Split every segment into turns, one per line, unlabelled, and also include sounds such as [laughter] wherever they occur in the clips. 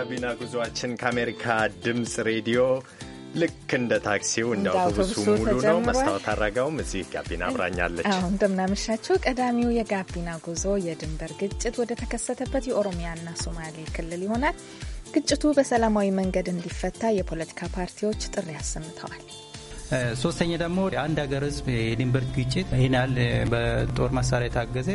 የጋቢና ጉዟችን ከአሜሪካ ድምፅ ሬዲዮ ልክ እንደ ታክሲው እንደ አውቶቡሱ ሙሉ ነው። መስታወት አረጋውም እዚህ ጋቢና አብራኛለች። አሁ
እንደምናመሻችሁ። ቀዳሚው የጋቢና ጉዞ የድንበር ግጭት ወደ ተከሰተበት የኦሮሚያና ሶማሌ ክልል ይሆናል። ግጭቱ በሰላማዊ መንገድ እንዲፈታ የፖለቲካ ፓርቲዎች ጥሪ አሰምተዋል።
ሶስተኛ ደግሞ አንድ ሀገር ህዝብ የድንበር ግጭት ይህን ያህል በጦር መሳሪያ የታገዘ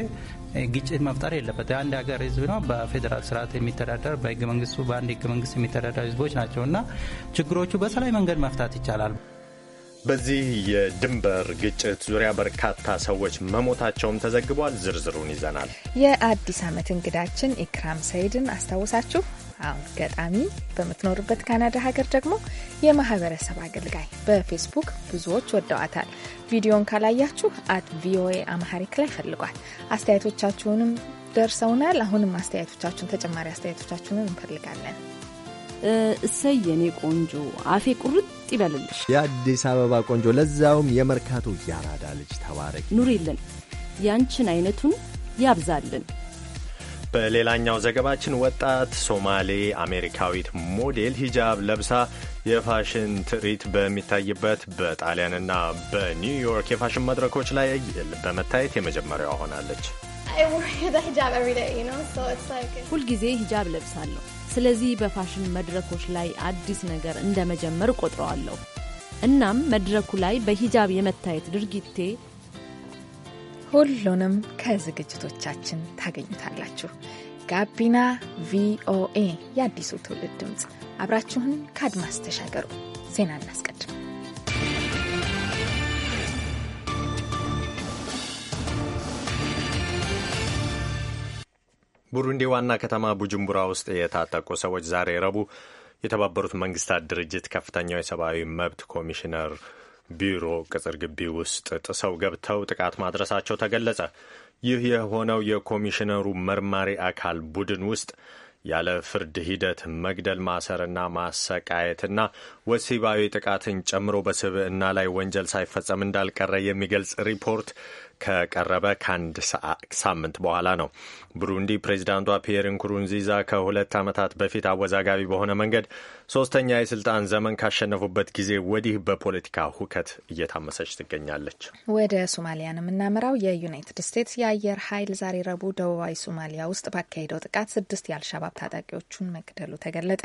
ግጭት መፍጠር የለበት። አንድ ሀገር ህዝብ ነው በፌዴራል ስርዓት የሚተዳደር በህገ መንግስቱ በአንድ ህገ መንግስት የሚተዳደር ህዝቦች ናቸው እና ችግሮቹ በሰላማዊ መንገድ መፍታት ይቻላል።
በዚህ የድንበር ግጭት ዙሪያ በርካታ ሰዎች መሞታቸውም ተዘግቧል። ዝርዝሩን ይዘናል።
የአዲስ ዓመት እንግዳችን ኢክራም ሰይድን አስታውሳችሁ አዎ ገጣሚ፣ በምትኖርበት ካናዳ ሀገር ደግሞ የማህበረሰብ አገልጋይ። በፌስቡክ ብዙዎች ወደዋታል። ቪዲዮን ካላያችሁ አት ቪኦኤ አማሐሪክ ላይ ፈልጓል። አስተያየቶቻችሁንም ደርሰውናል። አሁንም አስተያየቶቻችሁን ተጨማሪ አስተያየቶቻችሁንም እንፈልጋለን።
እሰይ የኔ ቆንጆ አፌ ቁርጥ ይበልልሽ።
የአዲስ አበባ ቆንጆ ለዛውም የመርካቶ ያራዳ ልጅ ተባረክ።
ኑሪልን ያንችን አይነቱን ያብዛልን።
በሌላኛው ዘገባችን ወጣት ሶማሌ አሜሪካዊት ሞዴል ሂጃብ ለብሳ የፋሽን ትርኢት በሚታይበት በጣሊያንና በኒውዮርክ የፋሽን መድረኮች ላይ በመታየት የመጀመሪያዋ ሆናለች።
[laughs] ሁልጊዜ ሂጃብ ለብሳለሁ። ስለዚህ በፋሽን መድረኮች ላይ አዲስ ነገር እንደመጀመር ቆጥረዋለሁ። እናም
መድረኩ ላይ በሂጃብ የመታየት ድርጊቴ ሁሉንም ከዝግጅቶቻችን ታገኙታላችሁ። ጋቢና ቪኦኤ የአዲሱ ትውልድ ድምፅ፣ አብራችሁን ከአድማስ ተሻገሩ። ዜና እናስቀድም።
ቡሩንዲ ዋና ከተማ ቡጅምቡራ ውስጥ የታጠቁ ሰዎች ዛሬ ረቡዕ የተባበሩት መንግስታት ድርጅት ከፍተኛው የሰብአዊ መብት ኮሚሽነር ቢሮ ቅጽር ግቢ ውስጥ ጥሰው ገብተው ጥቃት ማድረሳቸው ተገለጸ። ይህ የሆነው የኮሚሽነሩ መርማሪ አካል ቡድን ውስጥ ያለ ፍርድ ሂደት መግደል፣ ማሰርና ማሰቃየትና ወሲባዊ ጥቃትን ጨምሮ በስብዕና ላይ ወንጀል ሳይፈጸም እንዳልቀረ የሚገልጽ ሪፖርት ከቀረበ ከአንድ ሳምንት በኋላ ነው። ብሩንዲ ፕሬዚዳንቷ ፒየር ንኩሩንዚዛ ከሁለት ዓመታት በፊት አወዛጋቢ በሆነ መንገድ ሶስተኛ የስልጣን ዘመን ካሸነፉበት ጊዜ ወዲህ በፖለቲካ ሁከት እየታመሰች ትገኛለች።
ወደ ሶማሊያ ነው የምናመራው። የዩናይትድ ስቴትስ የአየር ኃይል ዛሬ ረቡዕ ደቡባዊ ሶማሊያ ውስጥ ባካሄደው ጥቃት ስድስት የአልሻባብ ታጣቂዎቹን መግደሉ ተገለጠ።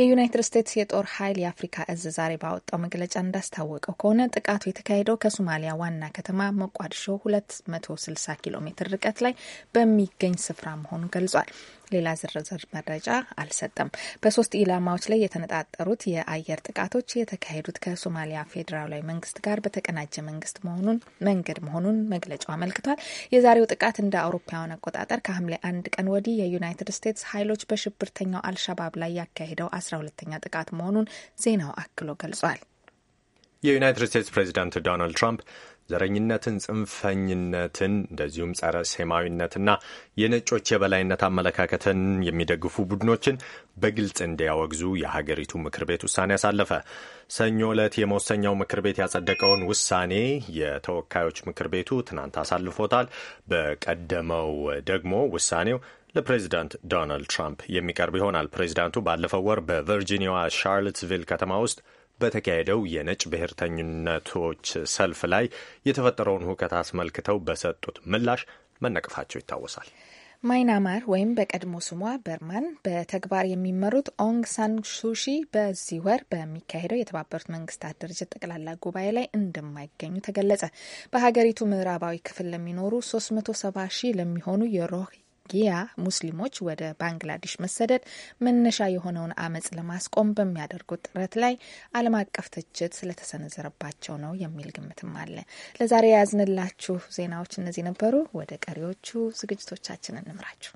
የዩናይትድ ስቴትስ የጦር ኃይል የአፍሪካ እዝ ዛሬ ባወጣው መግለጫ እንዳስታወቀው ከሆነ ጥቃቱ የተካሄደው ከሶማሊያ ዋና ከተማ ሞቃዲሾ 260 ኪሎ ሜትር ርቀት ላይ በሚገኝ ስፍራ መሆኑን ገልጿል። ሌላ ዝርዝር መረጃ አልሰጠም። በሶስት ኢላማዎች ላይ የተነጣጠሩት የአየር ጥቃቶች የተካሄዱት ከሶማሊያ ፌዴራላዊ መንግስት ጋር በተቀናጀ መንግስት መሆኑን መንገድ መሆኑን መግለጫው አመልክቷል። የዛሬው ጥቃት እንደ አውሮፓውያን አቆጣጠር ከሐምሌ አንድ ቀን ወዲህ የዩናይትድ ስቴትስ ኃይሎች በሽብርተኛው አልሻባብ ላይ ያካሄደው አስራ ሁለተኛ ጥቃት መሆኑን ዜናው አክሎ ገልጿል።
የዩናይትድ ስቴትስ ፕሬዚዳንት ዶናልድ ትራምፕ ዘረኝነትን፣ ጽንፈኝነትን እንደዚሁም ጸረ ሴማዊነትና የነጮች የበላይነት አመለካከትን የሚደግፉ ቡድኖችን በግልጽ እንዲያወግዙ የሀገሪቱ ምክር ቤት ውሳኔ አሳለፈ። ሰኞ ዕለት የመወሰኛው ምክር ቤት ያጸደቀውን ውሳኔ የተወካዮች ምክር ቤቱ ትናንት አሳልፎታል። በቀደመው ደግሞ ውሳኔው ለፕሬዚዳንት ዶናልድ ትራምፕ የሚቀርብ ይሆናል። ፕሬዚዳንቱ ባለፈው ወር በቨርጂኒያዋ ሻርሎትስቪል ከተማ ውስጥ በተካሄደው የነጭ ብሔርተኝነቶች ሰልፍ ላይ የተፈጠረውን ሁከት አስመልክተው በሰጡት ምላሽ መነቀፋቸው ይታወሳል።
ማይናማር ወይም በቀድሞ ስሟ በርማን በተግባር የሚመሩት ኦንግ ሳን ሱሺ በዚህ ወር በሚካሄደው የተባበሩት መንግስታት ድርጅት ጠቅላላ ጉባኤ ላይ እንደማይገኙ ተገለጸ። በሀገሪቱ ምዕራባዊ ክፍል ለሚኖሩ 370 ሺህ ለሚሆኑ የሮህ ጊያ ሙስሊሞች ወደ ባንግላዴሽ መሰደድ መነሻ የሆነውን አመጽ ለማስቆም በሚያደርጉት ጥረት ላይ ዓለም አቀፍ ትችት ስለተሰነዘረባቸው ነው የሚል ግምትም አለ። ለዛሬ ያዝንላችሁ ዜናዎች እነዚህ ነበሩ። ወደ ቀሪዎቹ ዝግጅቶቻችን እንምራችሁ።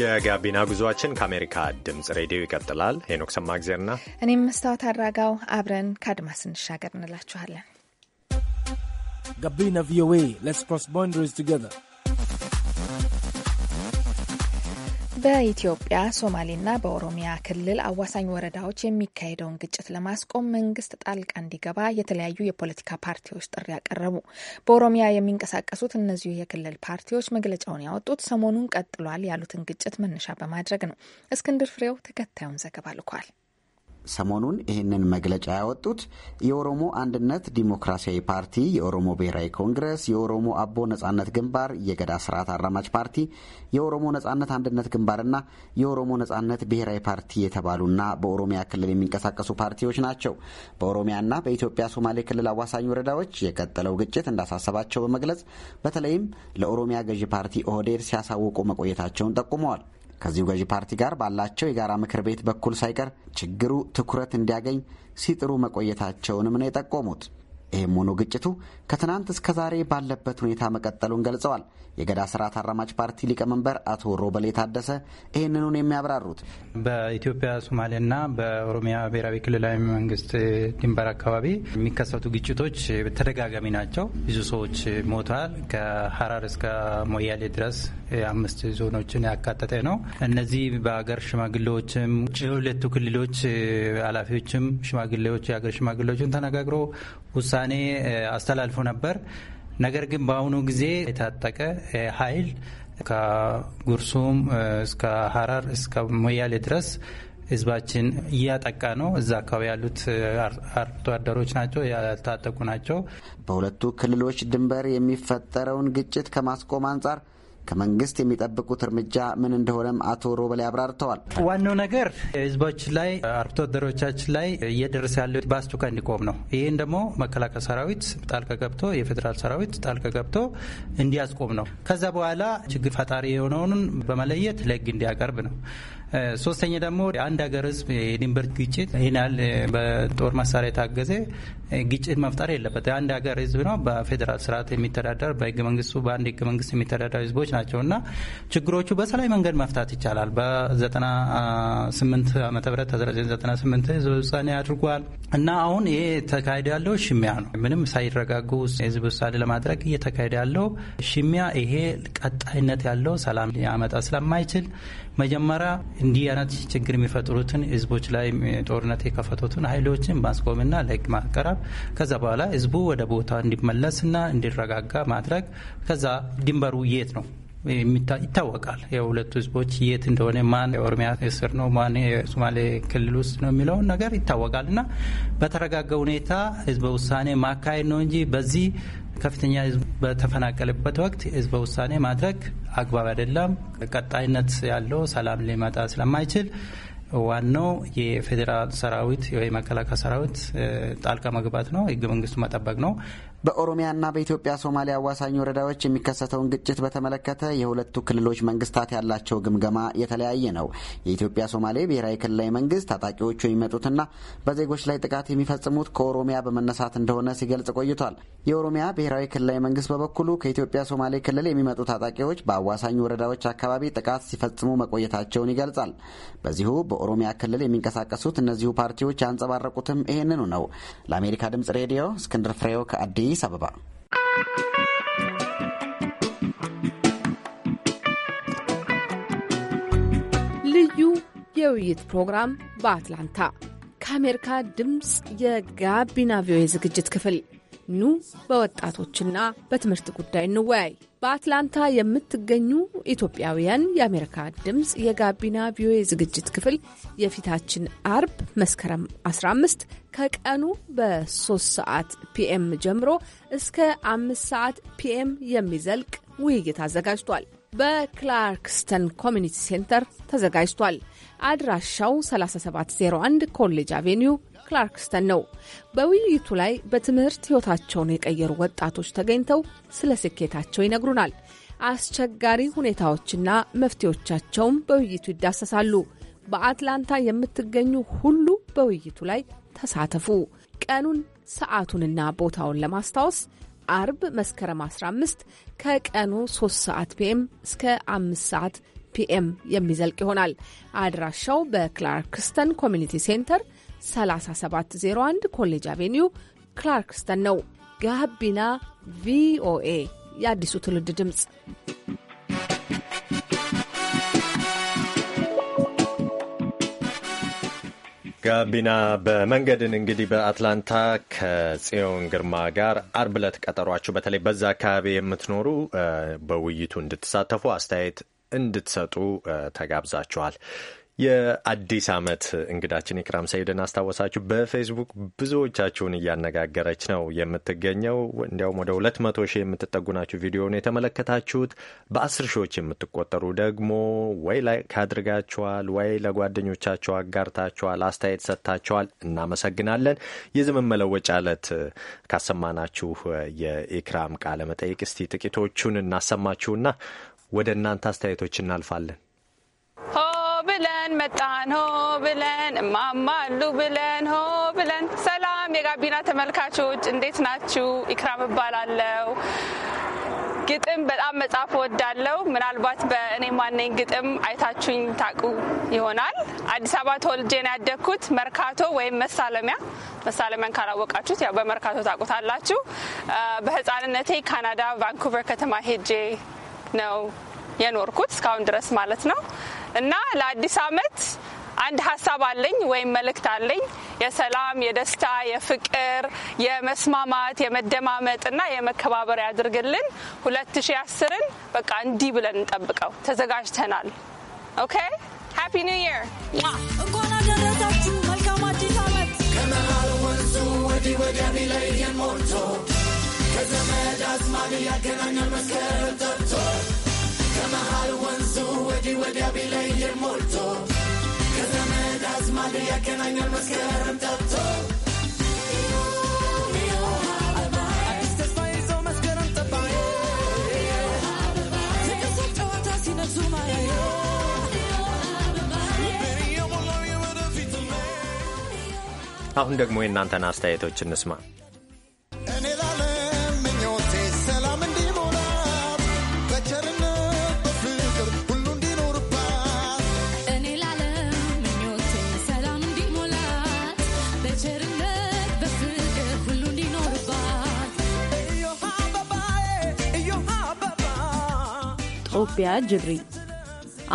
የጋቢና ጉዞአችን ከአሜሪካ ድምጽ ሬዲዮ ይቀጥላል። ሄኖክ ሰማእግዜርና
እኔም መስታወት አድራጋው አብረን ከአድማስ እንሻገር እንላችኋለን። Gabina VOA. Let's cross boundaries together. በኢትዮጵያ ሶማሌና በኦሮሚያ ክልል አዋሳኝ ወረዳዎች የሚካሄደውን ግጭት ለማስቆም መንግስት ጣልቃ እንዲገባ የተለያዩ የፖለቲካ ፓርቲዎች ጥሪ ያቀረቡ። በኦሮሚያ የሚንቀሳቀሱት እነዚሁ የክልል ፓርቲዎች መግለጫውን ያወጡት ሰሞኑን ቀጥሏል ያሉትን ግጭት መነሻ በማድረግ ነው። እስክንድር ፍሬው ተከታዩን ዘገባ ልኳል።
ሰሞኑን ይህንን መግለጫ ያወጡት የኦሮሞ አንድነት ዲሞክራሲያዊ ፓርቲ፣ የኦሮሞ ብሔራዊ ኮንግረስ፣ የኦሮሞ አቦ ነጻነት ግንባር፣ የገዳ ስርዓት አራማጅ ፓርቲ፣ የኦሮሞ ነጻነት አንድነት ግንባርና የኦሮሞ ነጻነት ብሔራዊ ፓርቲ የተባሉና በኦሮሚያ ክልል የሚንቀሳቀሱ ፓርቲዎች ናቸው። በኦሮሚያና በኢትዮጵያ ሶማሌ ክልል አዋሳኝ ወረዳዎች የቀጠለው ግጭት እንዳሳሰባቸው በመግለጽ በተለይም ለኦሮሚያ ገዢ ፓርቲ ኦህዴድ ሲያሳውቁ መቆየታቸውን ጠቁመዋል። ከዚሁ ገዢ ፓርቲ ጋር ባላቸው የጋራ ምክር ቤት በኩል ሳይቀር ችግሩ ትኩረት እንዲያገኝ ሲጥሩ መቆየታቸውንም ነው የጠቆሙት። ይህም ሆኖ ግጭቱ ከትናንት እስከ ዛሬ ባለበት ሁኔታ መቀጠሉን ገልጸዋል። የገዳ ስርዓት አራማጭ ፓርቲ ሊቀመንበር አቶ ሮበሌ ታደሰ ይህንኑን የሚያብራሩት
በኢትዮጵያ ሶማሌና በኦሮሚያ ብሔራዊ ክልላዊ መንግስት ድንበር አካባቢ የሚከሰቱ ግጭቶች ተደጋጋሚ ናቸው። ብዙ ሰዎች ሞቷል። ከሀራር እስከ ሞያሌ ድረስ አምስት ዞኖችን ያካተተ ነው። እነዚህ በሀገር ሽማግሌዎችም የሁለቱ ክልሎች ኃላፊዎችም ሽማግሌዎች የሀገር ሽማግሌዎችን ተነጋግሮ ውሳኔ አስተላልፎ ነበር። ነገር ግን በአሁኑ ጊዜ የታጠቀ ኃይል ከጉርሱም እስከ ሀራር እስከ ሞያሌ ድረስ ህዝባችን እያጠቃ ነው። እዛ አካባቢ ያሉት አርብቶ አደሮች ናቸው፣ ያልታጠቁ ናቸው።
በሁለቱ ክልሎች ድንበር የሚፈጠረውን ግጭት ከማስቆም አንጻር ከመንግስት የሚጠብቁት እርምጃ ምን እንደሆነም አቶ ሮበላይ አብራርተዋል።
ዋናው ነገር ህዝቦችን ላይ አርብቶ አደሮቻችን ላይ እየደረሰ ያለው በአስቸኳይ እንዲቆም ነው። ይህን ደግሞ መከላከያ ሰራዊት ጣልቀ ገብቶ የፌዴራል ሰራዊት ጣልቀ ገብቶ እንዲያስቆም ነው። ከዛ በኋላ ችግር ፈጣሪ የሆነውን በመለየት ለህግ እንዲያቀርብ ነው። ሶስተኛ ደግሞ አንድ ሀገር ህዝብ የድንበር ግጭት ይናል በጦር መሳሪያ የታገዘ ግጭት መፍጠር የለበት። አንድ ሀገር ህዝብ ነው በፌዴራል ስርዓት የሚተዳደር በህገ መንግስቱ በአንድ ህገ መንግስት የሚተዳደሩ ህዝቦች ናቸው እና ችግሮቹ በሰላማዊ መንገድ መፍታት ይቻላል። በ98 ዓመተ ምህረት 98 ህዝብ ውሳኔ አድርጓል እና አሁን ይሄ ተካሂደ ያለው ሽሚያ ነው። ምንም ሳይረጋጉ ህዝብ ውሳኔ ለማድረግ እየተካሄደ ያለው ሽሚያ፣ ይሄ ቀጣይነት ያለው ሰላም ሊያመጣ ስለማይችል መጀመሪያ እንዲህ አይነት ችግር የሚፈጥሩትን ህዝቦች ላይ ጦርነት የከፈቱትን ኃይሎችን ማስቆምና ለህግ ማቀረብ ከዛ በኋላ ህዝቡ ወደ ቦታ እንዲመለስና እንዲረጋጋ ማድረግ ከዛ ድንበሩ የት ነው ይታወቃል። የሁለቱ ህዝቦች የት እንደሆነ ማን የኦሮሚያ ስር ነው ማን የሶማሌ ክልል ውስጥ ነው የሚለውን ነገር ይታወቃል እና በተረጋጋ ሁኔታ ህዝበ ውሳኔ ማካሄድ ነው እንጂ በዚህ ከፍተኛ ህዝብ በተፈናቀለበት ወቅት ህዝበ ውሳኔ ማድረግ አግባብ አይደለም። ቀጣይነት ያለው ሰላም ሊመጣ ስለማይችል ዋናው የፌዴራል ሰራዊት ወይ መከላከያ ሰራዊት ጣልቃ መግባት ነው፣ ህገ መንግስቱ መጠበቅ ነው።
በኦሮሚያና በኢትዮጵያ ሶማሊያ አዋሳኝ ወረዳዎች የሚከሰተውን ግጭት በተመለከተ የሁለቱ ክልሎች መንግስታት ያላቸው ግምገማ የተለያየ ነው። የኢትዮጵያ ሶማሌ ብሔራዊ ክልላዊ መንግስት ታጣቂዎቹ የሚመጡትና በዜጎች ላይ ጥቃት የሚፈጽሙት ከኦሮሚያ በመነሳት እንደሆነ ሲገልጽ ቆይቷል። የኦሮሚያ ብሔራዊ ክልላዊ መንግስት በበኩሉ ከኢትዮጵያ ሶማሌ ክልል የሚመጡ ታጣቂዎች በአዋሳኝ ወረዳዎች አካባቢ ጥቃት ሲፈጽሙ መቆየታቸውን ይገልጻል። በዚሁ በኦሮሚያ ክልል የሚንቀሳቀሱት እነዚሁ ፓርቲዎች ያንጸባረቁትም ይህንኑ ነው። ለአሜሪካ ድምጽ ሬዲዮ እስክንድር ፍሬው ከአዲስ አበባ።
ልዩ የውይይት ፕሮግራም በአትላንታ ከአሜሪካ ድምፅ የጋቢና ቪኦኤ ዝግጅት ክፍል ኑ በወጣቶችና በትምህርት ጉዳይ እንወያይ በአትላንታ የምትገኙ ኢትዮጵያውያን የአሜሪካ ድምፅ የጋቢና ቪኦኤ ዝግጅት ክፍል የፊታችን አርብ መስከረም 15 ከቀኑ በ3 ሰዓት ፒኤም ጀምሮ እስከ 5 ሰዓት ፒኤም የሚዘልቅ ውይይት አዘጋጅቷል። በክላርክስተን ኮሚኒቲ ሴንተር ተዘጋጅቷል። አድራሻው 3701 ኮሌጅ አቬኒው ክላርክስተን ነው። በውይይቱ ላይ በትምህርት ሕይወታቸውን የቀየሩ ወጣቶች ተገኝተው ስለ ስኬታቸው ይነግሩናል። አስቸጋሪ ሁኔታዎችና መፍትሄዎቻቸውም በውይይቱ ይዳሰሳሉ። በአትላንታ የምትገኙ ሁሉ በውይይቱ ላይ ተሳተፉ። ቀኑን ሰዓቱንና ቦታውን ለማስታወስ አርብ መስከረም 15 ከቀኑ 3 ሰዓት ፒኤም እስከ 5 ሰዓት ፒኤም የሚዘልቅ ይሆናል። አድራሻው በክላርክስተን ኮሚኒቲ ሴንተር 3701 ኮሌጅ አቬኒው ክላርክስተን ነው። ጋቢና ቪኦኤ የአዲሱ ትውልድ ድምፅ።
ጋቢና በመንገድን እንግዲህ በአትላንታ ከጽዮን ግርማ ጋር አርብ ዕለት ቀጠሯችሁ። በተለይ በዛ አካባቢ የምትኖሩ በውይይቱ እንድትሳተፉ አስተያየት እንድትሰጡ ተጋብዛችኋል። የአዲስ ዓመት እንግዳችን ኢክራም ሰይድን አስታወሳችሁ። በፌስቡክ ብዙዎቻችሁን እያነጋገረች ነው የምትገኘው። እንዲያውም ወደ ሁለት መቶ ሺህ የምትጠጉ ናችሁ ቪዲዮውን የተመለከታችሁት። በአስር ሺዎች የምትቆጠሩ ደግሞ ወይ ላይክ አድርጋችኋል፣ ወይ ለጓደኞቻችሁ አጋርታችኋል፣ አስተያየት ሰጥታችኋል። እናመሰግናለን። የዘመን መለወጫ ዕለት ካሰማናችሁ የኢክራም ቃለ መጠይቅ እስቲ ጥቂቶቹን እናሰማችሁና ወደ እናንተ አስተያየቶች እናልፋለን።
ብለን መጣን ሆ ብለን እማማሉ ብለን ሆ ብለን። ሰላም የጋቢና ተመልካቾች እንዴት ናችሁ? ኢክራም እባላለሁ። ግጥም በጣም መጻፍ ወዳለው ምናልባት በእኔ ማነኝ ግጥም አይታችሁኝ ታቁ ይሆናል። አዲስ አበባ ተወልጄን ያደግኩት። መርካቶ ወይም መሳለሚያ፣ መሳለሚያን ካላወቃችሁት ያው በመርካቶ ታቁታላችሁ በህፃንነቴ ካናዳ ቫንኩቨር ከተማ ሄጄ ነው የኖርኩት እስካሁን ድረስ ማለት ነው። እና ለአዲስ አመት አንድ ሀሳብ አለኝ ወይም መልእክት አለኝ። የሰላም፣ የደስታ፣ የፍቅር፣ የመስማማት፣ የመደማመጥና የመከባበር ያድርግልን። ሁለት ሺ አስርን በቃ እንዲህ ብለን እንጠብቀው። ተዘጋጅተናል። ኦኬ ሃፒ ኒው ይር። እንኳን
አደረሳችሁ። መልካም አዲስ ዓመት። ከመሃል ወንዙ ወዲህ ወዲያ ቢለየን የሞርቶ ከዘመድ አዝማድ ያገናኛል መስከረም ጠርቶ ከመሃል ወንዙ ወዲህ ወዲያ ቢለየን ሞልቶ ከዘመድ አዝማድ ያገናኛል መስከረም ጠብቶ ተስፋ መስከረም ጠባ
የቀሶች ጨዋታ
አሁን ደግሞ የእናንተን አስተያየቶች እንስማ።
ጦቢያ ጅብሪ፣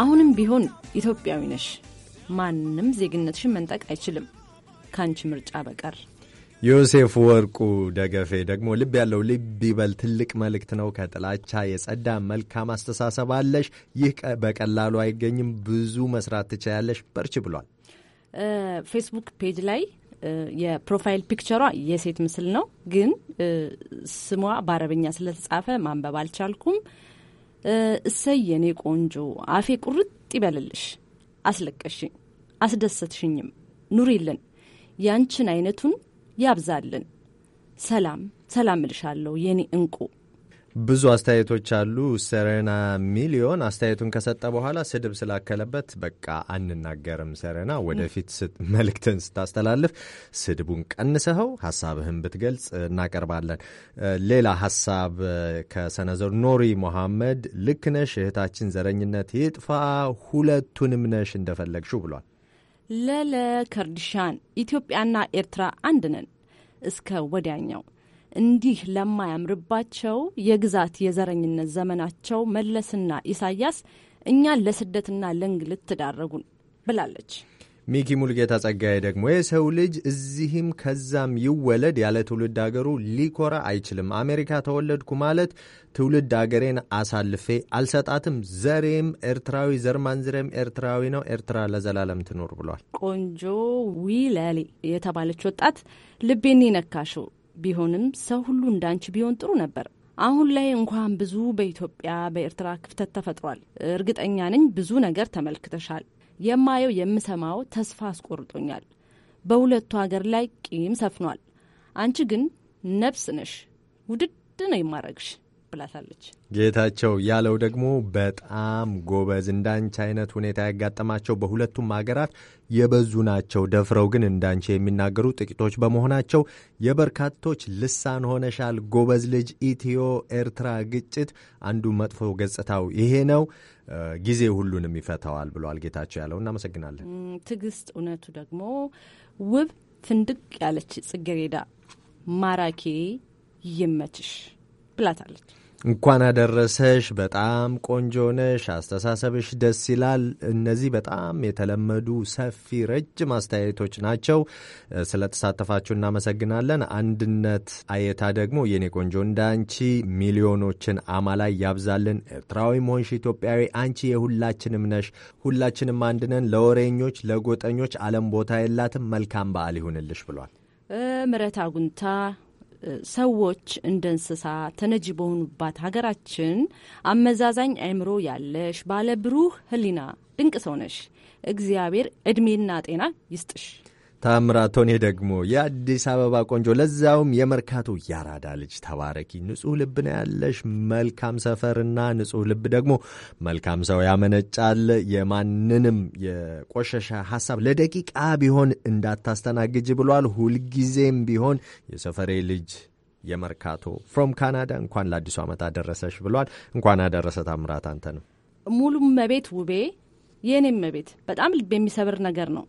አሁንም ቢሆን ኢትዮጵያዊ ነሽ። ማንም ዜግነትሽን መንጠቅ አይችልም ከአንቺ ምርጫ በቀር።
ዮሴፍ ወርቁ ደገፌ ደግሞ ልብ ያለው ልብ ይበል ትልቅ መልእክት ነው። ከጥላቻ የጸዳ መልካም አስተሳሰብ አለሽ። ይህ በቀላሉ አይገኝም። ብዙ መስራት ትችያለሽ። በርች ብሏል።
ፌስቡክ ፔጅ ላይ የፕሮፋይል ፒክቸሯ የሴት ምስል ነው፣ ግን ስሟ በአረበኛ ስለተጻፈ ማንበብ አልቻልኩም። እሰይ የኔ ቆንጆ አፌ ቁርጥ ይበልልሽ፣ አስለቀሽኝ፣ አስደሰትሽኝም፣ ኑሪልን፣ ያንችን አይነቱን ያብዛልን፣ ሰላም ሰላም እልሻለሁ የኔ እንቁ
ብዙ አስተያየቶች አሉ። ሰሬና ሚሊዮን አስተያየቱን ከሰጠ በኋላ ስድብ ስላከለበት በቃ አንናገርም። ሰሬና ወደፊት መልእክትን ስታስተላልፍ ስድቡን ቀንሰኸው ሀሳብህን ብትገልጽ እናቀርባለን። ሌላ ሀሳብ ከሰነዘሩ ኖሪ ሞሐመድ ልክ ነሽ እህታችን፣ ዘረኝነት ይጥፋ፣ ሁለቱንም ነሽ እንደፈለግሽው ብሏል።
ለለ ከርድሻን ኢትዮጵያና ኤርትራ አንድ ነን እስከ ወዲያኛው እንዲህ ለማያምርባቸው የግዛት የዘረኝነት ዘመናቸው መለስና ኢሳያስ እኛን ለስደትና ለእንግልት ትዳረጉን ብላለች።
ሚኪ ሙልጌታ ጸጋዬ ደግሞ የሰው ልጅ እዚህም ከዛም ይወለድ ያለ ትውልድ አገሩ ሊኮራ አይችልም። አሜሪካ ተወለድኩ ማለት ትውልድ አገሬን አሳልፌ አልሰጣትም። ዘሬም ኤርትራዊ፣ ዘርማንዝሬም ኤርትራዊ ነው። ኤርትራ ለዘላለም ትኖር ብሏል።
ቆንጆ ዊለሊ የተባለች ወጣት ልቤን ነካሽው ቢሆንም ሰው ሁሉ እንዳንቺ ቢሆን ጥሩ ነበር። አሁን ላይ እንኳን ብዙ በኢትዮጵያ በኤርትራ ክፍተት ተፈጥሯል። እርግጠኛ ነኝ ብዙ ነገር ተመልክተሻል። የማየው የምሰማው ተስፋ አስቆርጦኛል። በሁለቱ ሀገር ላይ ቂም ሰፍኗል። አንቺ ግን ነብስ ነሽ። ውድድ ነው የማረግሽ። ብላታለች።
ጌታቸው ያለው ደግሞ በጣም ጎበዝ፣ እንዳንቺ አይነት ሁኔታ ያጋጠማቸው በሁለቱም ሀገራት የበዙ ናቸው። ደፍረው ግን እንዳንቺ የሚናገሩ ጥቂቶች በመሆናቸው የበርካቶች ልሳን ሆነሻል። ጎበዝ ልጅ። ኢትዮ ኤርትራ ግጭት አንዱ መጥፎ ገጽታው ይሄ ነው። ጊዜ ሁሉንም ይፈታዋል ብሏል ጌታቸው ያለው። እናመሰግናለን።
ትዕግስት እውነቱ ደግሞ ውብ ፍንድቅ ያለች ጽጌሬዳ ማራኪ ይመችሽ ብላታለች።
እንኳን አደረሰሽ። በጣም ቆንጆ ነሽ፣ አስተሳሰብሽ ደስ ይላል። እነዚህ በጣም የተለመዱ ሰፊ፣ ረጅም አስተያየቶች ናቸው። ስለተሳተፋችሁ እናመሰግናለን። አንድነት አየታ ደግሞ የኔ ቆንጆ እንዳንቺ ሚሊዮኖችን አማላይ ያብዛልን። ኤርትራዊ ሆንሽ ኢትዮጵያዊ አንቺ የሁላችንም ነሽ። ሁላችንም አንድነን። ለወሬኞች ለጎጠኞች ዓለም ቦታ የላትም። መልካም በዓል ይሁንልሽ ብሏል
ምረት አጉንታ ሰዎች እንደ እንስሳ ተነጂ በሆኑባት ሀገራችን አመዛዛኝ አእምሮ ያለሽ ባለ ብሩህ ሕሊና ድንቅ ሰው ነሽ። እግዚአብሔር እድሜና ጤና ይስጥሽ።
ታምራት ቶኔ ደግሞ የአዲስ አበባ ቆንጆ ለዛውም የመርካቶ ያራዳ ልጅ ተባረኪ። ንጹህ ልብ ነው ያለሽ። መልካም ሰፈርና ንጹህ ልብ ደግሞ መልካም ሰው ያመነጫል። የማንንም የቆሸሸ ሀሳብ ለደቂቃ ቢሆን እንዳታስተናግጅ ብሏል። ሁልጊዜም ቢሆን የሰፈሬ ልጅ የመርካቶ ፍሮም ካናዳ እንኳን ለአዲሱ ዓመት አደረሰሽ ብሏል። እንኳን አደረሰ ታምራት። አንተ ነው
ሙሉ መቤት ውቤ የእኔም መቤት በጣም ልብ የሚሰብር ነገር ነው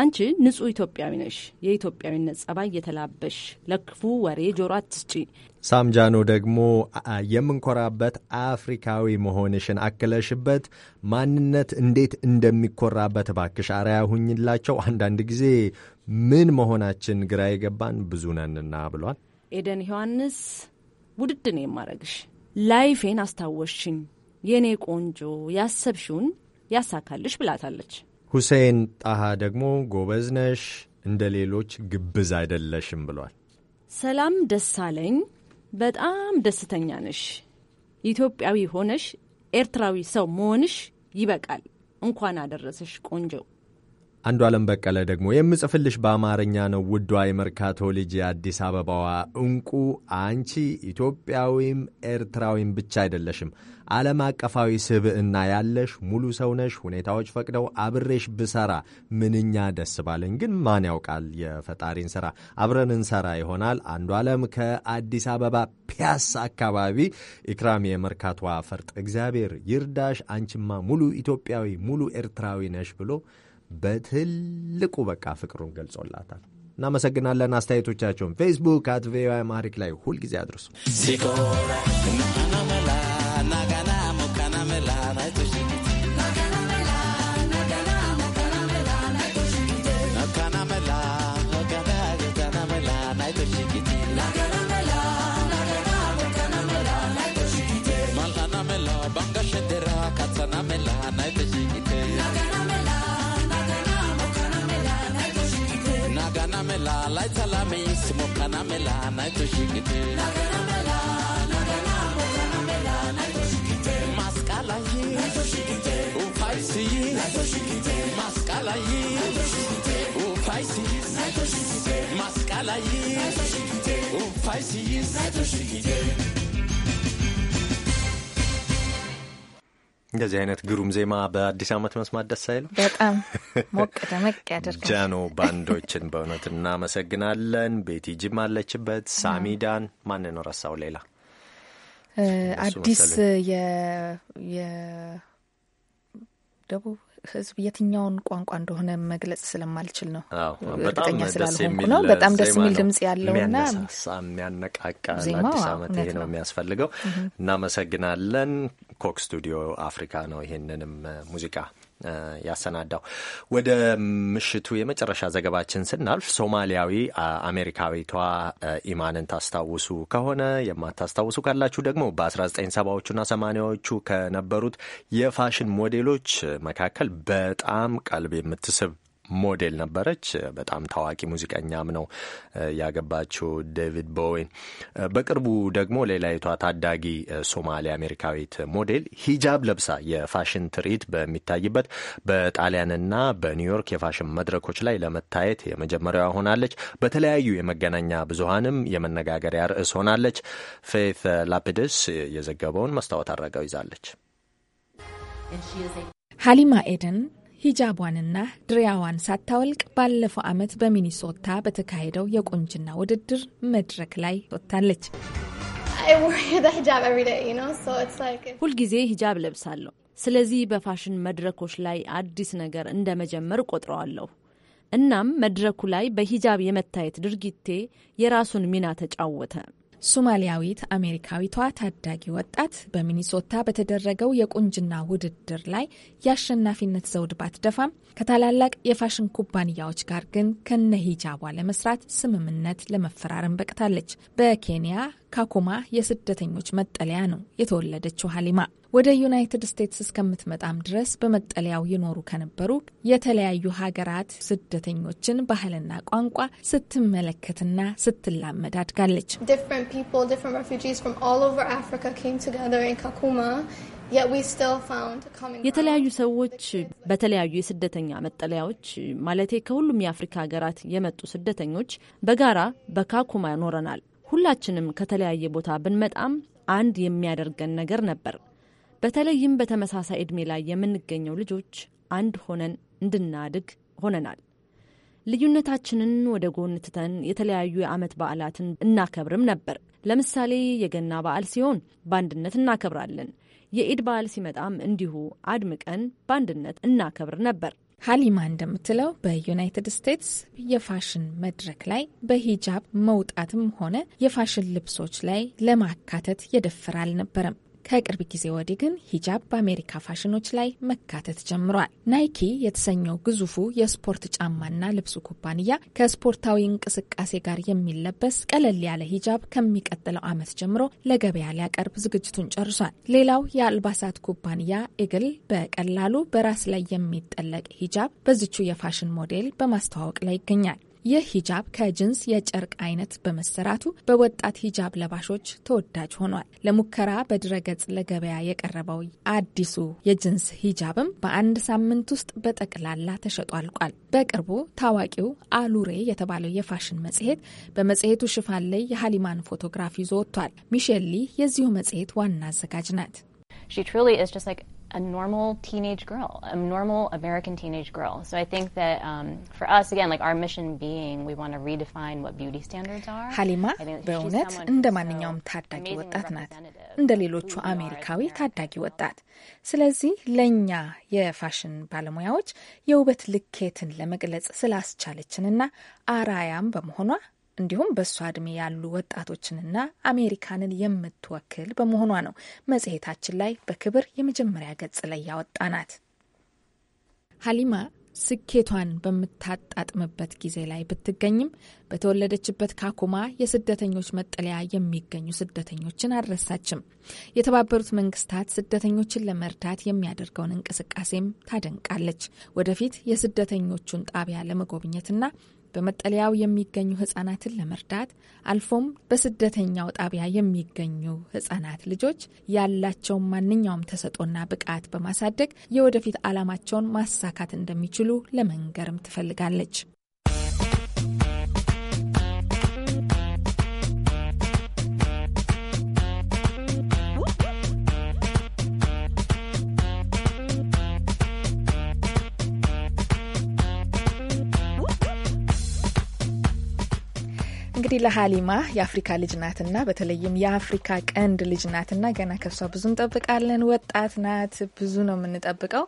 አንቺ ንጹህ ኢትዮጵያዊ ነሽ፣ የኢትዮጵያዊነት ጸባይ እየተላበሽ ለክፉ ወሬ ጆሮ አትስጪ።
ሳምጃኖ ደግሞ የምንኮራበት አፍሪካዊ መሆንሽን አክለሽበት ማንነት እንዴት እንደሚኮራበት እባክሽ አርአያ ሁኝላቸው። አንዳንድ ጊዜ ምን መሆናችን ግራ የገባን ብዙ ነንና ብሏል።
ኤደን ዮሐንስ ውድድ ነው የማረግሽ። ላይፌን አስታወሽኝ የእኔ ቆንጆ፣ ያሰብሽውን ያሳካልሽ ብላታለች።
ሁሴን ጣሃ ደግሞ ጎበዝነሽ እንደ ሌሎች ግብዝ አይደለሽም ብሏል።
ሰላም ደሳለኝ በጣም ደስተኛ ነሽ። ኢትዮጵያዊ ሆነሽ ኤርትራዊ ሰው መሆንሽ ይበቃል። እንኳን አደረሰሽ ቆንጆው።
አንዱ አለም በቀለ ደግሞ የምጽፍልሽ በአማርኛ ነው ውዷ የመርካቶ ልጅ የአዲስ አበባዋ እንቁ አንቺ ኢትዮጵያዊም ኤርትራዊም ብቻ አይደለሽም፣ ዓለም አቀፋዊ ስብዕና ያለሽ ሙሉ ሰውነሽ። ሁኔታዎች ፈቅደው አብሬሽ ብሰራ ምንኛ ደስ ባለኝ። ግን ማን ያውቃል የፈጣሪን ስራ አብረን እንሰራ ይሆናል። አንዱ ዓለም ከአዲስ አበባ ፒያሳ አካባቢ ኢክራም የመርካቷ ፈርጥ እግዚአብሔር ይርዳሽ፣ አንቺማ ሙሉ ኢትዮጵያዊ ሙሉ ኤርትራዊ ነሽ ብሎ በትልቁ በቃ ፍቅሩን ገልጾላታል። እናመሰግናለን። አስተያየቶቻቸውን ፌስቡክ አት ቪኦኤ አማሪክ ላይ ሁልጊዜ አድርሱ። እንደዚህ አይነት ግሩም ዜማ በአዲስ ዓመት መስማት ደስ አይለው? በጣም [laughs]
ሞቅ ደመቅ ያደርጋል።
ጃኖ ባንዶችን በእውነት እናመሰግናለን። ቤቲ ጂም አለችበት፣ ሳሚዳን ማን ነው ረሳው? ሌላ
አዲስ የደቡብ ህዝብ የትኛውን ቋንቋ እንደሆነ መግለጽ ስለማልችል ነው እርግጠኛ ስላልሆንኩ ነው። በጣም ደስ የሚል ድምጽ ያለውና
የሚያነቃቃ አዲስ አመት ይሄ ነው የሚያስፈልገው። እናመሰግናለን። ኮክ ስቱዲዮ አፍሪካ ነው ይሄንንም ሙዚቃ ያሰናዳው። ወደ ምሽቱ የመጨረሻ ዘገባችን ስናልፍ ሶማሊያዊ አሜሪካዊቷ ኢማንን ታስታውሱ ከሆነ የማታስታውሱ ካላችሁ ደግሞ በ1970ዎቹና ሰማኒያዎቹ ከነበሩት የፋሽን ሞዴሎች መካከል በጣም ቀልብ የምትስብ ሞዴል ነበረች። በጣም ታዋቂ ሙዚቀኛም ነው ያገባችው ዴቪድ ቦዌን። በቅርቡ ደግሞ ሌላይቷ ታዳጊ ሶማሌ አሜሪካዊት ሞዴል ሂጃብ ለብሳ የፋሽን ትርኢት በሚታይበት በጣሊያንና በኒውዮርክ የፋሽን መድረኮች ላይ ለመታየት የመጀመሪያዋ ሆናለች። በተለያዩ የመገናኛ ብዙሀንም የመነጋገሪያ ርዕስ ሆናለች። ፌት ላፒደስ የዘገበውን መስታወት አድረገው ይዛለች።
ሀሊማ ኤደን ሂጃቧንና ድሪያዋን ሳታወልቅ ባለፈው ዓመት በሚኒሶታ በተካሄደው የቁንጅና ውድድር መድረክ ላይ ወጥታለች። ሁልጊዜ
ሂጃብ ለብሳለሁ። ስለዚህ በፋሽን መድረኮች ላይ አዲስ ነገር እንደ መጀመር ቆጥረዋለሁ። እናም መድረኩ ላይ በሂጃብ የመታየት ድርጊቴ የራሱን ሚና
ተጫወተ። ሶማሊያዊት አሜሪካዊቷ ታዳጊ ወጣት በሚኒሶታ በተደረገው የቁንጅና ውድድር ላይ የአሸናፊነት ዘውድ ባትደፋም ከታላላቅ የፋሽን ኩባንያዎች ጋር ግን ከነ ሂጃቧ ለመስራት ስምምነት ለመፈራረም በቅታለች። በኬንያ ካኮማ የስደተኞች መጠለያ ነው የተወለደችው ሀሊማ። ወደ ዩናይትድ ስቴትስ እስከምትመጣም ድረስ በመጠለያው ይኖሩ ከነበሩ የተለያዩ ሀገራት ስደተኞችን ባህልና ቋንቋ ስትመለከትና ስትላመድ አድጋለች።
የተለያዩ ሰዎች በተለያዩ የስደተኛ መጠለያዎች ማለቴ ከሁሉም የአፍሪካ ሀገራት የመጡ ስደተኞች በጋራ በካኩማ ኖረናል። ሁላችንም ከተለያየ ቦታ ብንመጣም አንድ የሚያደርገን ነገር ነበር። በተለይም በተመሳሳይ ዕድሜ ላይ የምንገኘው ልጆች አንድ ሆነን እንድናድግ ሆነናል። ልዩነታችንን ወደ ጎን ትተን የተለያዩ የዓመት በዓላትን እናከብርም ነበር። ለምሳሌ የገና በዓል ሲሆን በአንድነት እናከብራለን። የኢድ
በዓል ሲመጣም እንዲሁ አድምቀን በአንድነት እናከብር ነበር። ሀሊማ እንደምትለው በዩናይትድ ስቴትስ የፋሽን መድረክ ላይ በሂጃብ መውጣትም ሆነ የፋሽን ልብሶች ላይ ለማካተት የደፈረ አልነበረም። ከቅርብ ጊዜ ወዲህ ግን ሂጃብ በአሜሪካ ፋሽኖች ላይ መካተት ጀምሯል። ናይኪ የተሰኘው ግዙፉ የስፖርት ጫማና ልብሱ ኩባንያ ከስፖርታዊ እንቅስቃሴ ጋር የሚለበስ ቀለል ያለ ሂጃብ ከሚቀጥለው ዓመት ጀምሮ ለገበያ ሊያቀርብ ዝግጅቱን ጨርሷል። ሌላው የአልባሳት ኩባንያ ኤግል በቀላሉ በራስ ላይ የሚጠለቅ ሂጃብ በዚቹ የፋሽን ሞዴል በማስተዋወቅ ላይ ይገኛል። ይህ ሂጃብ ከጅንስ የጨርቅ አይነት በመሰራቱ በወጣት ሂጃብ ለባሾች ተወዳጅ ሆኗል። ለሙከራ በድረገጽ ለገበያ የቀረበው አዲሱ የጅንስ ሂጃብም በአንድ ሳምንት ውስጥ በጠቅላላ ተሸጦ አልቋል። በቅርቡ ታዋቂው አሉሬ የተባለው የፋሽን መጽሔት በመጽሔቱ ሽፋን ላይ የሀሊማን ፎቶግራፍ ይዞ ወጥቷል። ሚሼል ሊ የዚሁ መጽሔት ዋና አዘጋጅ ናት። She truly
is just like a normal teenage girl, a normal American teenage girl. So I think that um, for us, again, like our mission being, we want to redefine what beauty standards are. ሀሊማ በእውነት
እንደ ማንኛውም ታዳጊ ወጣት ናት፣ እንደ ሌሎቹ አሜሪካዊ ታዳጊ ወጣት። ስለዚህ ለእኛ የፋሽን ባለሙያዎች የውበት ልኬትን ለመግለጽ ስላስቻለችንና አራያም በመሆኗ እንዲሁም በእሷ እድሜ ያሉ ወጣቶችንና አሜሪካንን የምትወክል በመሆኗ ነው መጽሔታችን ላይ በክብር የመጀመሪያ ገጽ ላይ ያወጣናት። ሀሊማ ስኬቷን በምታጣጥምበት ጊዜ ላይ ብትገኝም በተወለደችበት ካኩማ የስደተኞች መጠለያ የሚገኙ ስደተኞችን አልረሳችም። የተባበሩት መንግስታት ስደተኞችን ለመርዳት የሚያደርገውን እንቅስቃሴም ታደንቃለች። ወደፊት የስደተኞቹን ጣቢያ ለመጎብኘትና በመጠለያው የሚገኙ ህጻናትን ለመርዳት አልፎም በስደተኛው ጣቢያ የሚገኙ ህጻናት ልጆች ያላቸውን ማንኛውም ተሰጦና ብቃት በማሳደግ የወደፊት ዓላማቸውን ማሳካት እንደሚችሉ ለመንገርም ትፈልጋለች። እንግዲህ ለሀሊማ የአፍሪካ ልጅ ናትና በተለይም የአፍሪካ ቀንድ ልጅ ናትና ገና ከሷ ብዙ እንጠብቃለን። ወጣት ናት፣ ብዙ ነው የምንጠብቀው።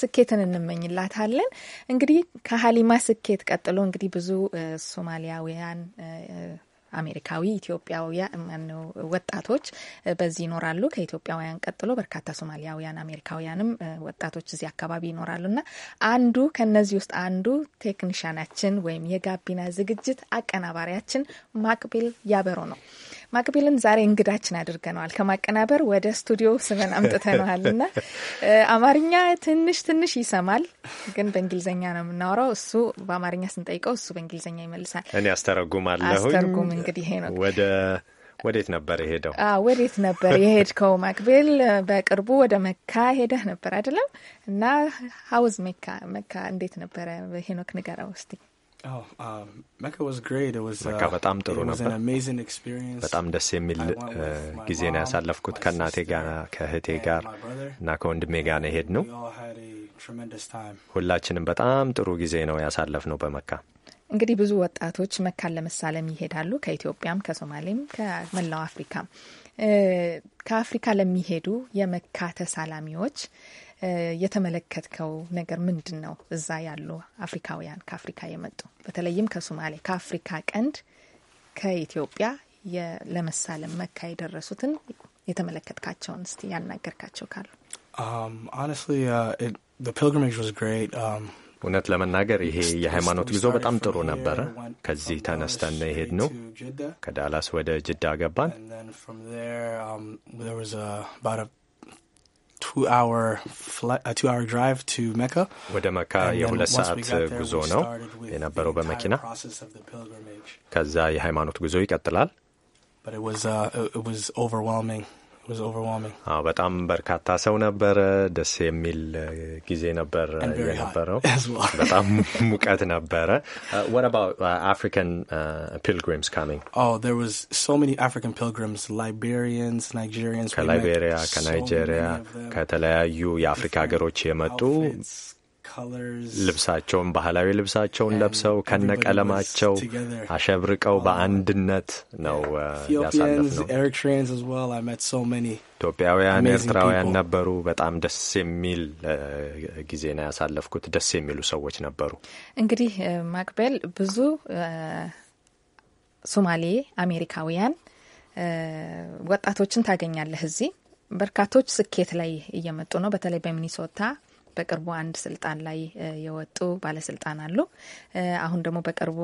ስኬትን እንመኝላታለን። እንግዲህ ከሀሊማ ስኬት ቀጥሎ እንግዲህ ብዙ ሶማሊያውያን አሜሪካዊ ኢትዮጵያውያን ወጣቶች በዚህ ይኖራሉ። ከኢትዮጵያውያን ቀጥሎ በርካታ ሶማሊያውያን አሜሪካውያንም ወጣቶች እዚህ አካባቢ ይኖራሉና አንዱ ከነዚህ ውስጥ አንዱ ቴክኒሽያናችን ወይም የጋቢና ዝግጅት አቀናባሪያችን ማቅቤል ያበሮ ነው። ማቅቤልን ዛሬ እንግዳችን አድርገነዋል። ከማቀናበር ወደ ስቱዲዮ ስበን አምጥተነዋል [laughs] እና አማርኛ ትንሽ ትንሽ ይሰማል፣ ግን በእንግሊዝኛ ነው የምናወራው። እሱ በአማርኛ ስንጠይቀው እሱ በእንግሊዝኛ ይመልሳል።
እኔ አስተረጉም አስተርጉም እንግዲህ ይሄ ነው ወደ ወዴት ነበር የሄደው?
ወዴት ነበር የሄድከው? ማክቤል በቅርቡ ወደ መካ ሄደህ ነበር አይደለም? እና ሀውዝ መካ መካ እንዴት ነበረ? ሄኖክ ንገረው እስቲ።
መካ oh, uh, uh, በጣም ጥሩ ነበር።
በጣም ደስ የሚል uh, ጊዜ ነው ያሳለፍኩት ከእናቴ ጋር ከእህቴ ጋር እና ከወንድሜ ጋር ነው የሄድነው። ሁላችንም በጣም ጥሩ ጊዜ ነው ያሳለፍነው በመካ።
እንግዲህ ብዙ ወጣቶች መካን ለመሳለም ይሄዳሉ፣ ከኢትዮጵያም፣ ከሶማሌም፣ ከመላው አፍሪካ ከአፍሪካ ለሚሄዱ የመካ ተሳላሚዎች የተመለከትከው ነገር ምንድን ነው? እዛ ያሉ አፍሪካውያን ከአፍሪካ የመጡ በተለይም ከሶማሌ ከአፍሪካ ቀንድ ከኢትዮጵያ ለመሳለም መካ የደረሱትን የተመለከትካቸውን እስቲ ያናገርካቸው ካሉ?
Um, uh, um,
እውነት ለመናገር ይሄ የሃይማኖት ጉዞ በጣም ጥሩ ነበረ። ከዚህ ተነስተን የሄድ ነው። ከዳላስ ወደ ጅዳ ገባን።
two-hour uh, two-hour drive to Mecca. ወደ መካ የሁለት ሰዓት ጉዞ ነው የነበረው በመኪና።
ከዛ የሃይማኖት ጉዞ ይቀጥላል።
But it was uh, it was overwhelming. በጣም
በጣም በርካታ ሰው ነበረ። ደስ የሚል ጊዜ ነበር የነበረው። በጣም ሙቀት ነበረ። uh, What about uh, African uh, pilgrims coming? Oh, there was
so many African pilgrims, Liberians, Nigerians. ከላይቤሪያ፣ ከናይጄሪያ፣
ከተለያዩ የአፍሪካ ሀገሮች የመጡ ልብሳቸውን ባህላዊ ልብሳቸውን ለብሰው ከነቀለማቸው አሸብርቀው uh, በአንድነት ነው uh, ያሳለፍ
ነው።
ኢትዮጵያውያን፣ ኤርትራውያን ነበሩ። በጣም ደስ የሚል uh, ጊዜ ነው ያሳለፍኩት። ደስ የሚሉ ሰዎች ነበሩ።
እንግዲህ ማቅበል ብዙ ሶማሌ አሜሪካውያን ወጣቶችን ታገኛለህ እዚህ። በርካቶች ስኬት ላይ እየመጡ ነው። በተለይ በሚኒሶታ በቅርቡ አንድ ስልጣን ላይ የወጡ ባለስልጣን አሉ። አሁን ደግሞ በቅርቡ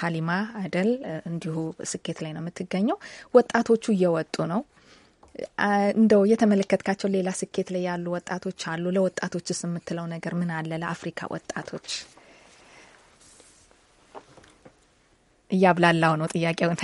ሀሊማ አደል እንዲሁ ስኬት ላይ ነው የምትገኘው። ወጣቶቹ እየወጡ ነው። እንደው የተመለከትካቸው ሌላ ስኬት ላይ ያሉ ወጣቶች አሉ? ለወጣቶችስ የምትለው ነገር ምን አለ? ለአፍሪካ ወጣቶች እያብላላው ነው ጥያቄውን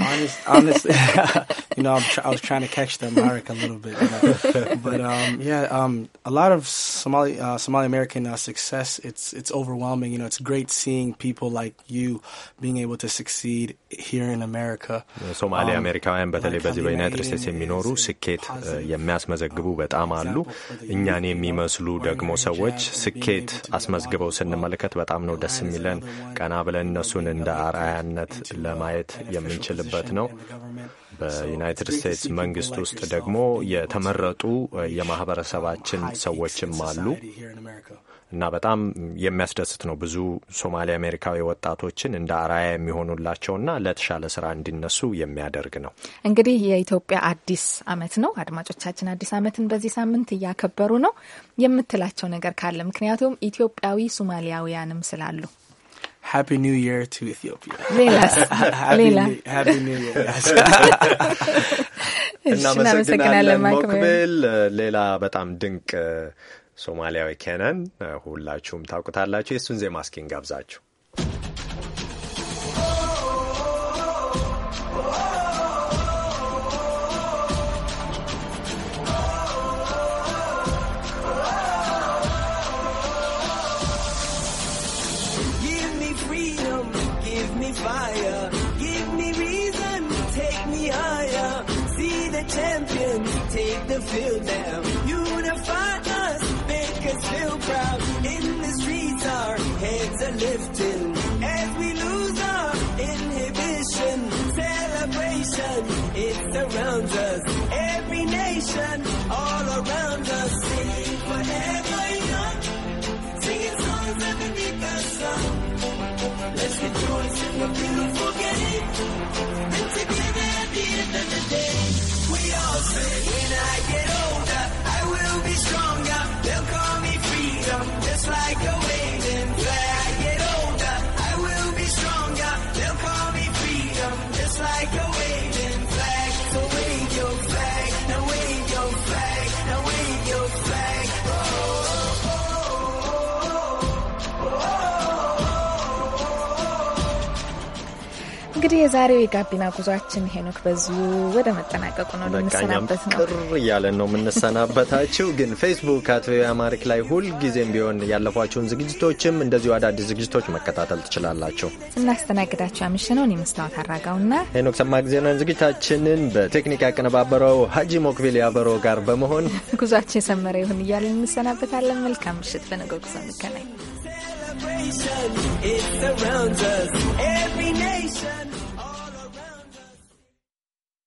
you know, tr- i was trying to catch the America a little bit. You know? [laughs] but um, yeah, um, a lot of Somali uh, Somali American uh, success. It's it's overwhelming. You know, it's great seeing people like you being able to succeed here in America. Somali-American um, በተለይ በዚህ በይነ ርዕስስ የሚኖሩ ስኬት uh,
የሚያስመዘግቡ um, በጣም አሉ። እኛን የሚመስሉ ደግሞ ሰዎች ስኬት አስመዝግበው ስንመለከት በጣም ነው ደስ የሚለን። ቀና ብለን እነሱን እንደ አርአያነት ዩናይትድ ስቴትስ መንግስት ውስጥ ደግሞ የተመረጡ የማህበረሰባችን ሰዎችም አሉ እና በጣም የሚያስደስት ነው። ብዙ ሶማሌ አሜሪካዊ ወጣቶችን እንደ የሚሆኑላቸው የሚሆኑላቸውና ለተሻለ ስራ እንዲነሱ የሚያደርግ ነው።
እንግዲህ የኢትዮጵያ አዲስ አመት ነው። አድማጮቻችን አዲስ አመትን በዚህ ሳምንት እያከበሩ ነው። የምትላቸው ነገር ካለ ምክንያቱም ኢትዮጵያዊ ሶማሊያውያንም ስላሉ
Happy New Year to Ethiopia.
ሌላስ Lila. [laughs] Happy New Year.
[laughs] እናመሰግናለን ሞክብል።
ሌላ በጣም ድንቅ ሶማሊያዊ ኬነን ሁላችሁም ታውቁታላችሁ። የእሱን ዜማ እስኪ እንጋብዛችሁ። all around us. forever young, singing songs underneath the sun. Let's rejoice in the beautiful game. And together at the end of the day, we all say, When I get
እንግዲህ የዛሬው የጋቢና ጉዟችን ሄኖክ በዚሁ ወደ መጠናቀቁ ነው። ልንሰናበት ነው። ቅር
እያለን ነው የምንሰናበታችው። ግን ፌስቡክ አቶ አማሪክ ላይ ሁልጊዜም ቢሆን ያለፏችሁን ዝግጅቶችም እንደዚሁ አዳዲስ ዝግጅቶች መከታተል ትችላላችሁ።
እናስተናግዳችሁ ያምሽነውን የመስታወት አራጋውና
ሄኖክ ሰማ ሰማእግዜናን ዝግጅታችንን በቴክኒክ ያቀነባበረው ሀጂ ሞክቪል ያበሮ ጋር በመሆን
[laughs] ጉዟችን የሰመረ ይሁን እያለን እንሰናበታለን። መልካም ምሽት። በነገ ጉዞ እንገናኝ።
It surrounds us, every nation.